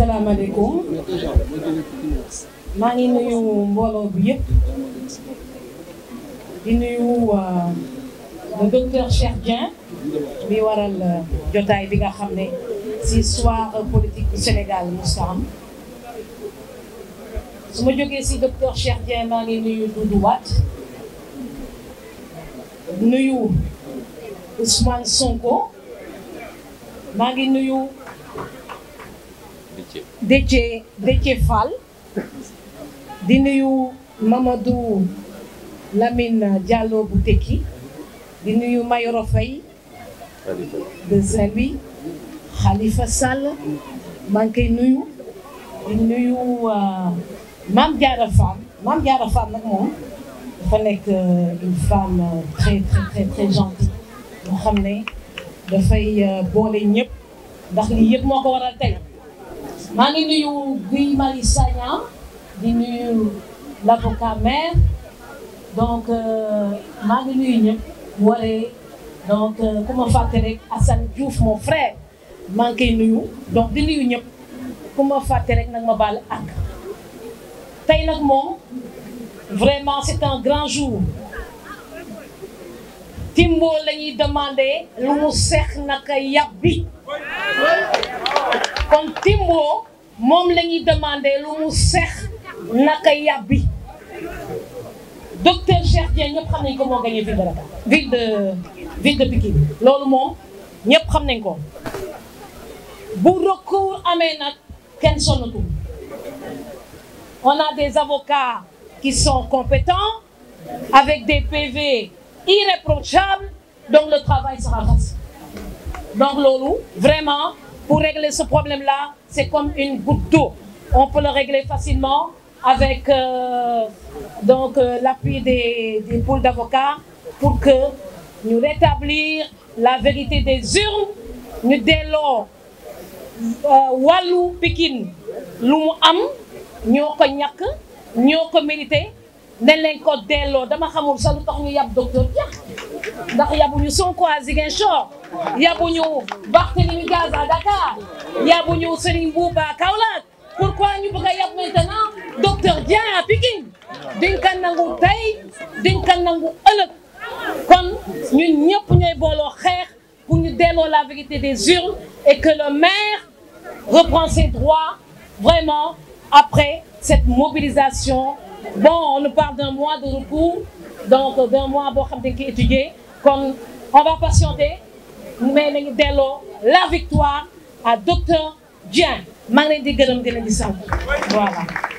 salaamaaleykum maa ngi nuyu mbooloo bi yëpp di nuyu euh, le Cheikh Dieng mi waral euh, jotaay bi nga xam ne si soirée euh, politique du Sénégal musta am su ma jógee si docteur Cheikh Dieng maa ngi nuyu Doudou nuyu Ousmane Sonko maa ngi nuyu Déthié Déthié di nuyu Mamadou Lamine Diallo bu Tekki di nuyu Mayoro Faye de Saint-Louis Khalifa Sall maa koy nuyu di nuyu euh, Mame Diarra Fam Mame Diarra Fam nag moom dafa nekk euh, une femme euh, très très très très gentille moo xam ne dafay boole ñëpp ndax lii yëpp moo ko waral tey maa ngi nuyu Guy Marius Sagna di nuyu l'avocat maire donc euh, maa ngi nuyu ñëpp waree donc euh, ku ma fàtte rek Assane Diouf mon frère maa nuyu donc di nuyu ñëpp ku ma fàtte rek nag ma baal ak tey nag moom vraiment c'est un grand jour Timbo lañuy ñuy demandé lu mu seex naka yàbbi kon Timbo moom la ñuy demandé lu mu seex naka yàbbi docteur Cheikh Dieng ñëpp xam ko moo gagné ville de Dakar ville de ville de Pikine loolu moom ñëpp xam nañ ko bu recours amee nag kenn sonnatul on a des avocats qui sont compétents avec des PV irréprochables donc le travail sera facile donc loolu vraiment Pour régler ce problème-là, c'est comme une goutte d'eau. On peut le régler facilement avec euh, donc euh, l'appui des, des pôles pour que ñu rétablir la vérité des urnes ñu delloo euh, wàllu Pikine lu mu am ñoo ko ñàkk ñoo ko mérité dañ leen ko delloo dama xamul sax lu tax ñu ndax yabuñu Sonko à Ziguinchor yabuñu Barthélémy Diaz à Dakar yabuñu Serigne Mboup à Kaolack pourquoi ñu bëgg a yab maintenant docteur Dieng à Pikine diñ nangu tey diñ ko nangu ëllëg kon ñun ñëpp ñooy booloo xeex pour ñu delloo la vérité des urnes et que le maire reprend ses droits vraiment après cette mobilisation bon on nous parle d'un mois de recours donc d'un mois boo xam dañ étudier kon on va patienter mais nañu delloo la victoire à docteur Dieng maa ngi leen di gërëm di di sant voilà.